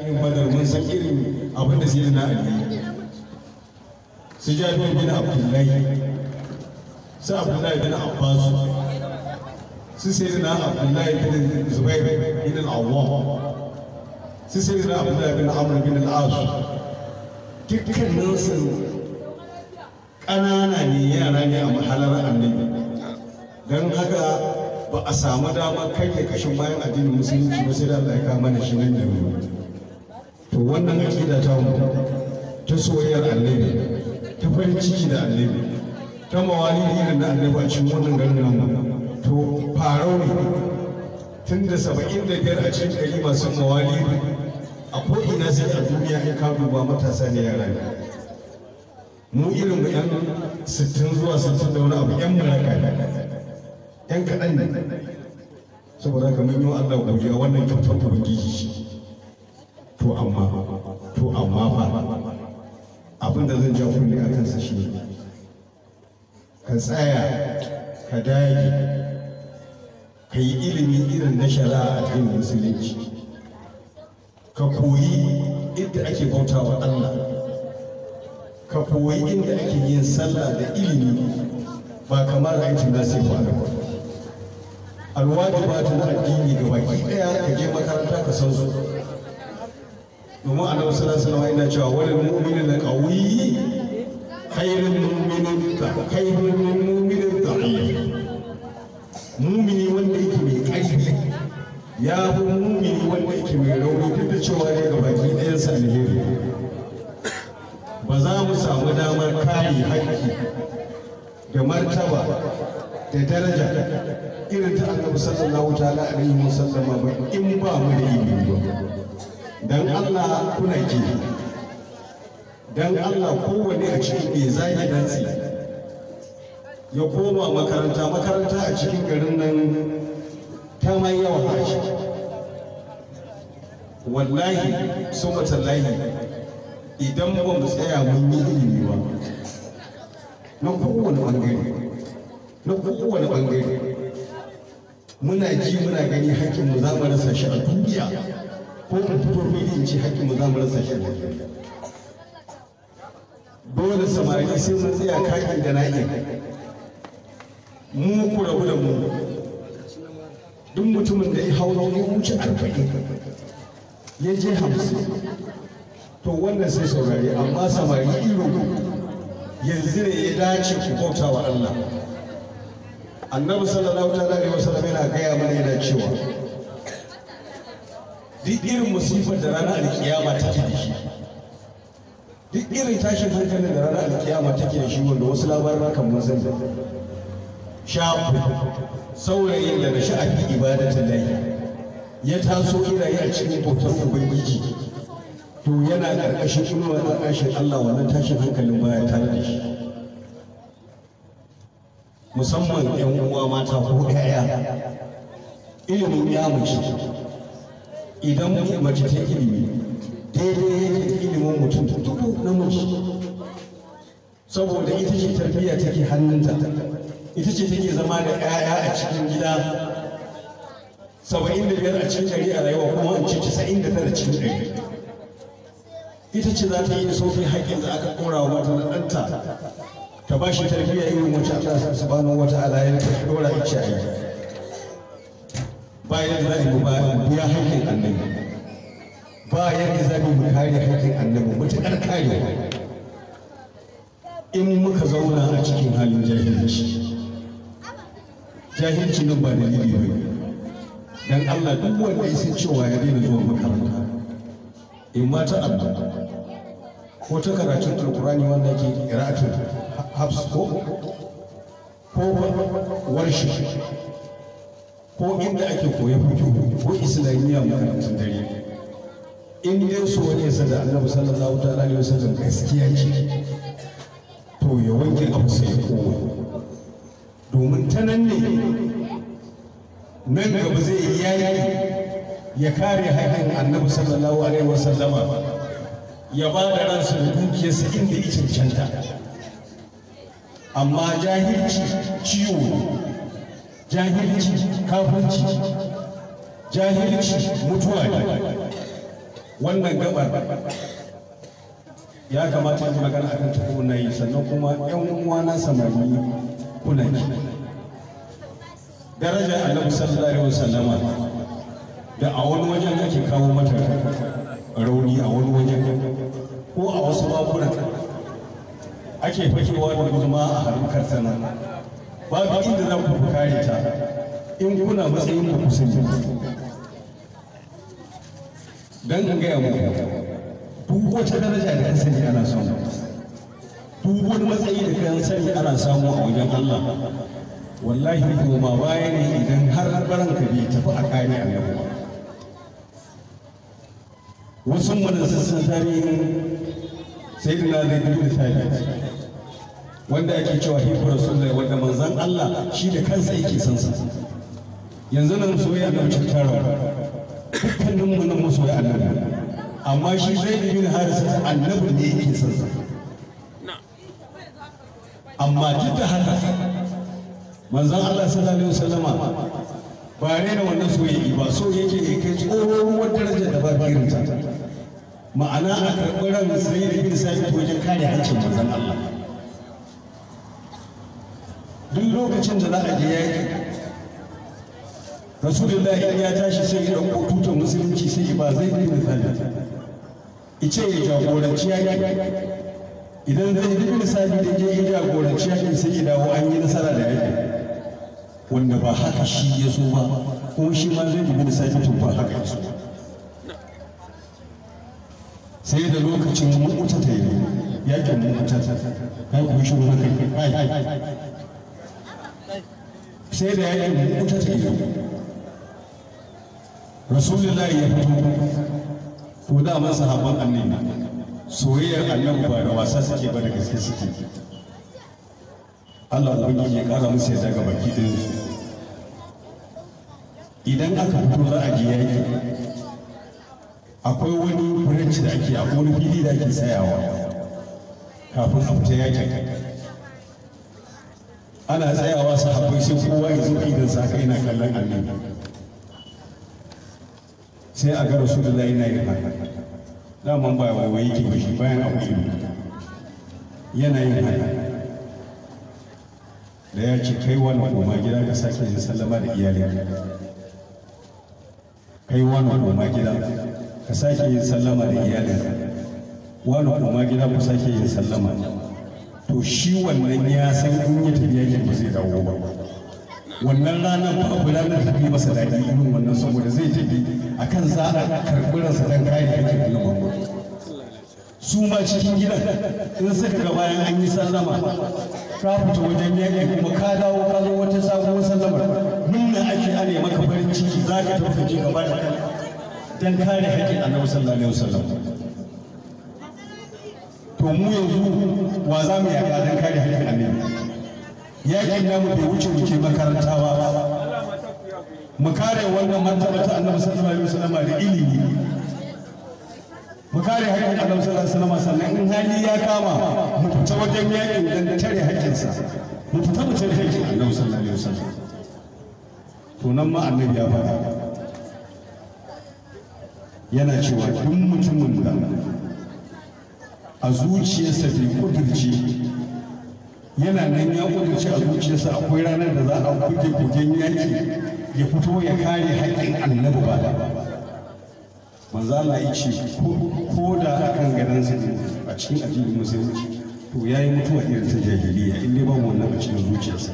yayin badar mun san irin abin da sai na ali su jabir bin abdullahi su abdullahi bin abbas su sai na abdullahi bin zubair bin al-awwam su sai na abdullahi bin amr bin al-as dukkanin su ƙanana ne yara ne a mahalar annabi don haka ba a samu damar kai kashin bayan addinin musulunci ba sai da Allah ya kama mana shi nan da to wannan aƙida ta mu ta soyayyar annabi ta farin ciki da annabi ta mawali irin na annabi a cikin wannan garin nan to farau ne tun da saba'in da biyar a cikin ɗari masu mawali a ko'ina sai a duniya in ka duba matasa ne yara ne mu irin mu yan sittin zuwa sittin da wani abu yan maraka ne yan kaɗan ne saboda kamar yi wa Allah godiya wannan kyautar ubangiji shi to amma to amma fa abin da zan ja kunne a kansa shi ne ka tsaya ka dage ka yi ilimi irin na shari'a a musulunci ka koyi inda ake bautawa Allah ka koyi inda ake yin sallah da ilimi ba kamar aikin na sai ba alwajiba ta na addini ga baki daya ka je makaranta ka san su domin annabi sallallahu alaihi wasallam yana cewa wal muminin na qawi khairun mu'minin ta khairun mu'minin da'if mu'mini wanda yake mai ƙarfi ya fi mu'mini wanda yake mai rauni duk da cewa ne ga baki ɗayan sa ba za mu samu damar kare haƙƙi da martaba da daraja irin ta annabi sallallahu ta'ala alaihi wasallam ba in ba mu da ilimi ba dan Allah kuna ji dan Allah kowane a cikin bai zagi dantsi ya koma makaranta makaranta a cikin garin nan ta mai yawa harshe wallahi su matallahi idan ba mu tsaya mun yi ilimi ba na kowane bangare na kowane bangare muna ji muna gani hakkin mu za mu rasa shi a duniya ko mu fito filin ci hakkin mu za mu rasa shi dole samari sai mun tsaya kakin da naƙin mu ku rabu da mu duk mutumin da ya hauro ya wuce arba'in ya je hamsin to wannan sai saurari amma samari iro yanzu ne ya dace ku bauta wa Allah annabi sallallahu alaihi wasallam yana gaya mana yana cewa duk irin musifar da ranar alkiyama take da shi duk irin tashin hankalin da ranar alkiyama take da shi wanda wasu labarin kan mun sani shafi saurayin da na sha'afi ibadatan lahi ya taso ina yi a cikin bautar ubangiji to yana ƙarƙashin inuwa na ƙarshen Allah wannan tashin hankalin baya tare da shi musamman 'yan uwa mata ko 'ya'ya ilimin ya mace idan mace ta ilimi daidai yake da ilimin mutum dubu mace saboda ita ce tarbiyya take hannunta ita ce take zama da 'ya'ya a cikin gida saba'in da biyar a cikin ɗari a rayuwa kuma an ce casa'in da tara cikin ɗari ita ce za ta yi da sofin haƙƙin da aka ɗora wa mata na ɗanta ta ba shi tarbiyya irin wacce su subhanahu wata ta'ala ta ɗora ice a yi bayan za mu biya haƙƙin annabi ba da za mu kare haƙƙin annabi matuƙar karewa in muka zauna a cikin halin jahilci jahilci nan ba da dalili ba dan Allah duk wanda ya san cewa ya daina zuwa makaranta in ma ta addu ko ta karatun alkurani wanda ke qira'atul hafs ko ko warshi ko inda ake koyi hutu, ko islamiyya makarantun dare in dai so ne sa da annabi sallallahu ta'ala alaihi wasallam gaskiya ce to ya wanke abu sai ya kowa domin ta nan ne nan gaba zai yi yayi ya kare haƙin annabi sallallahu alaihi wasallama ya ba da ransa da dukiyarsa inda ya cancanta amma jahilci ciwo jahilci kafinci jahilci mutuwa ne wannan gabar ya kamata yi magana akan ko na yi sannan kuma yan uwa na samari kuna ki daraja annabi sallallahu alaihi wasallama da a wani wajen ake kawo mata rauni a wani wajen ko a wasu bakunan ake fakewa da guzuma a harkar sana'a babu inda za ku kare ta in kuna matsayin ku ne dan ga gaya muku duk wata daraja da ka sani ana samu duk wani matsayi da kayan sani ana samu a wajen Allah wallahi koma baya ne idan har ka bai tafi a kare annabi wasu mun sassan tarihin sayyidina da duk da tarihi wanda ake cewa hibbu rasulullahi wanda manzan Allah shi da kansa yake son sa yanzu nan soyayya da ta rawa, dukkanin mu nan ya annabi amma shi zai bin harisa annabi ne yake son sa amma duk da haka manzan Allah sallallahu alaihi wasallama ba rena wannan soyayya ba so yake ya kai ruwan darajar da ba irin ta ma'ana a karɓar ran sai da bin sa wajen kare hancin manzan Allah lokacin da za a je yaƙi rasulullahi ya tashi sai ya ɗauko tutar musulunci sai ya ba zai yi misali ice ya jagoranci yaƙi idan zai yi misali da je yi jagoranci yaƙi sai ya dawo an yi nasara da yaƙi wanda ba haka shi ya so ba kuma shi ma zai yi misali tun ba haka ya sai da lokacin mu'uta ta yi yaƙin mu'uta ta yi kuma shi kai sai da yaƙi wuta ta gido rasulullahi ya fito ko da man sahabban annabi soyayyar annabi ba da wasa suke ba da gaske suke Allah ubangiji ya ƙara musu ya ga baki ɗin su idan aka fito za a ji yaƙi akwai wani furanci da ake akwai wani fili da ake tsayawa kafin a fita yakin ana tsayawa sahabbai sai kowa ya zuba da sa kai na kallon annabi sai a ga rasulullah yana yin haka daman ba wai yake ba shi bayan akwai ilimi yana yin haka da ya ce kai wani koma gida ka sake yin sallama da iyalin kai wani koma gida ka sake yin sallama da iyalin wani koma gida ku sake yin sallama to shi wannan ya san in ya tafi yakin ba zai dawo ba wannan ranar ba a ranar da tafi masa daɗi irin wannan saboda zai tafi kan za a karɓi ransa don kayan aikin nan ba su ma cikin gidan in suka ga bayan an yi sallama ka fita wajen yaƙi kuma ka dawo ka zo wata sabuwar sallama nuna ake ana maka farin ciki za ka tafi gaba da Don kare haƙƙin annabi sallallahu alaihi wasallam to mu yanzu wa za mu yaƙa don kare haƙƙin annabi na namu bai wuce wuce makaranta ba mu kare wannan martaba ta annabi sallallahu alaihi wasallam da ilimi mu kare haƙƙin annabi sallallahu alaihi wasallam sannan in hali ya kama mu fita wajen yaƙin don tare haƙƙinsa mu fita mu tare haƙƙin annabi sallallahu alaihi wasallam to nan ma annabi ya faɗa yana cewa duk mutumin da a zuciyarsa bai kudurci yana nan ya kudurci a zuciyarsa akwai ranar da za a kuke kujen yaki ya fito ya kare haƙƙin annabi ba da manzo Allah ya ce ko da akan garin sa ne a cikin addinin musulunci to yayi mutuwa irin ta jahiliya in dai babu wannan a cikin zuciyarsa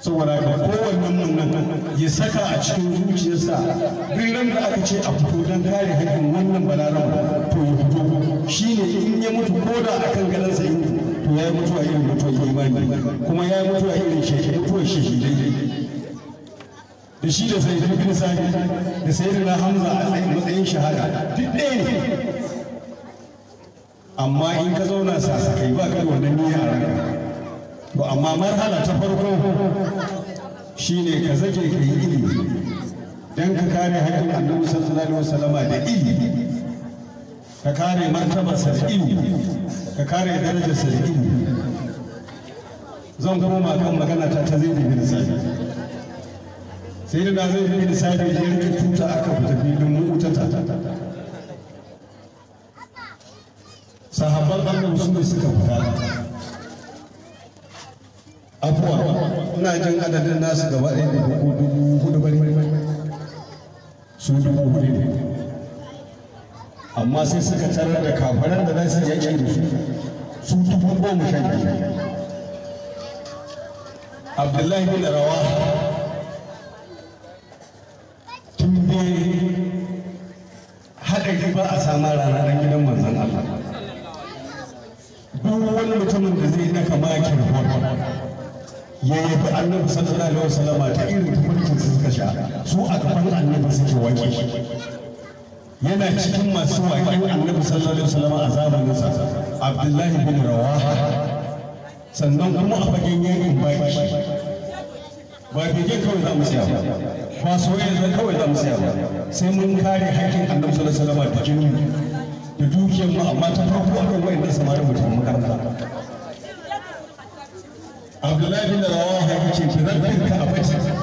saboda ga kowannen mu nan ya saka a cikin zuciyarsa duk da aka ce a fito don kare haƙƙin wannan balarabar to ya fito shi ne in ya mutu ko da a kan gadon sai to ya mutu a irin mutuwar imani kuma ya yi a irin shekai mutuwar shehidai da shi da sai bin sani da sai da hamza a tsayin matsayin shahada duk ɗaya ne amma in ka zauna sasakai ba ka da wannan niyya a ranka to amma marhala ta farko shine ka zage ka yi ilimi dan ka kare haƙƙin annabi sallallahu alaihi wasallama da ilimi ka kare martaba da ka kare darajar da zan koma kan magana ta ta zai bin sai sai da zai bin sai da rike tuta aka fita filin ta sahabban annabi su ne suka fita afuwa ina jin adadin nasu gaba ɗaya da dubu hudu bari su dubu hudu amma sai suka tarar da kafaran da za su yaƙi da su su dubu goma sha biyu abdullahi bin rawa tun bai haɗari ba a sama rana ɗan gidan manzon Allah duk wani mutumin da zai daka makin hoto ya yabi annabi sallallahu alaihi wasallama ta irin tafarkin su suka sha su a gaban annabi suke wake yana cikin masu waƙi annabi sallallahu alaihi wasallam a zamanin sa abdullahi bin rawaha sannan kuma a fagen yakin baki ba bege kawai za mu siya ba ba soyayya kawai za mu siya ba sai mun kare haƙƙin annabi sallallahu alaihi wasallam da jinin da dukiyar mu amma ta farko akan wayannan samarin mutum makaranta abdullahi bin rawaha yake ce ki zarfin ka a bace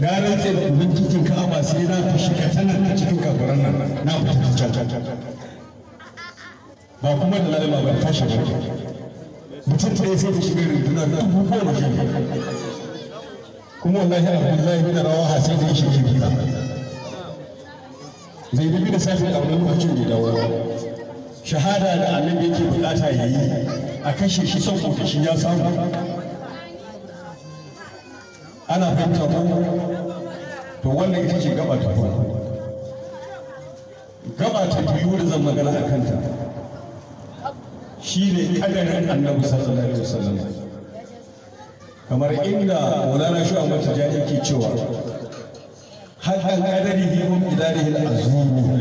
na rantse da cikin ka'aba sai na fi shiga ta nan cikin kafiran nan na fita can ba kuma da Lalima ba ta shiga mutum ta yi sai ta shiga rundunar na abubuwa da shi kuma wallahi abdullahi bin rawaha sai da ya shiga biyu zai bi da safi da wani lokacin da dawo shahada da annabi yake bukata yayi a kashe shi saboda shi ya samu ana fahimta ku to wannan ita ce gaba ta farko gaba ta biyu da zan magana a kanta Shi ne kadarin annabi sallallahu alaihi wasallam kamar inda Maulana Shu'aibu Tijani ke cewa hadan kadari min idarihil azimi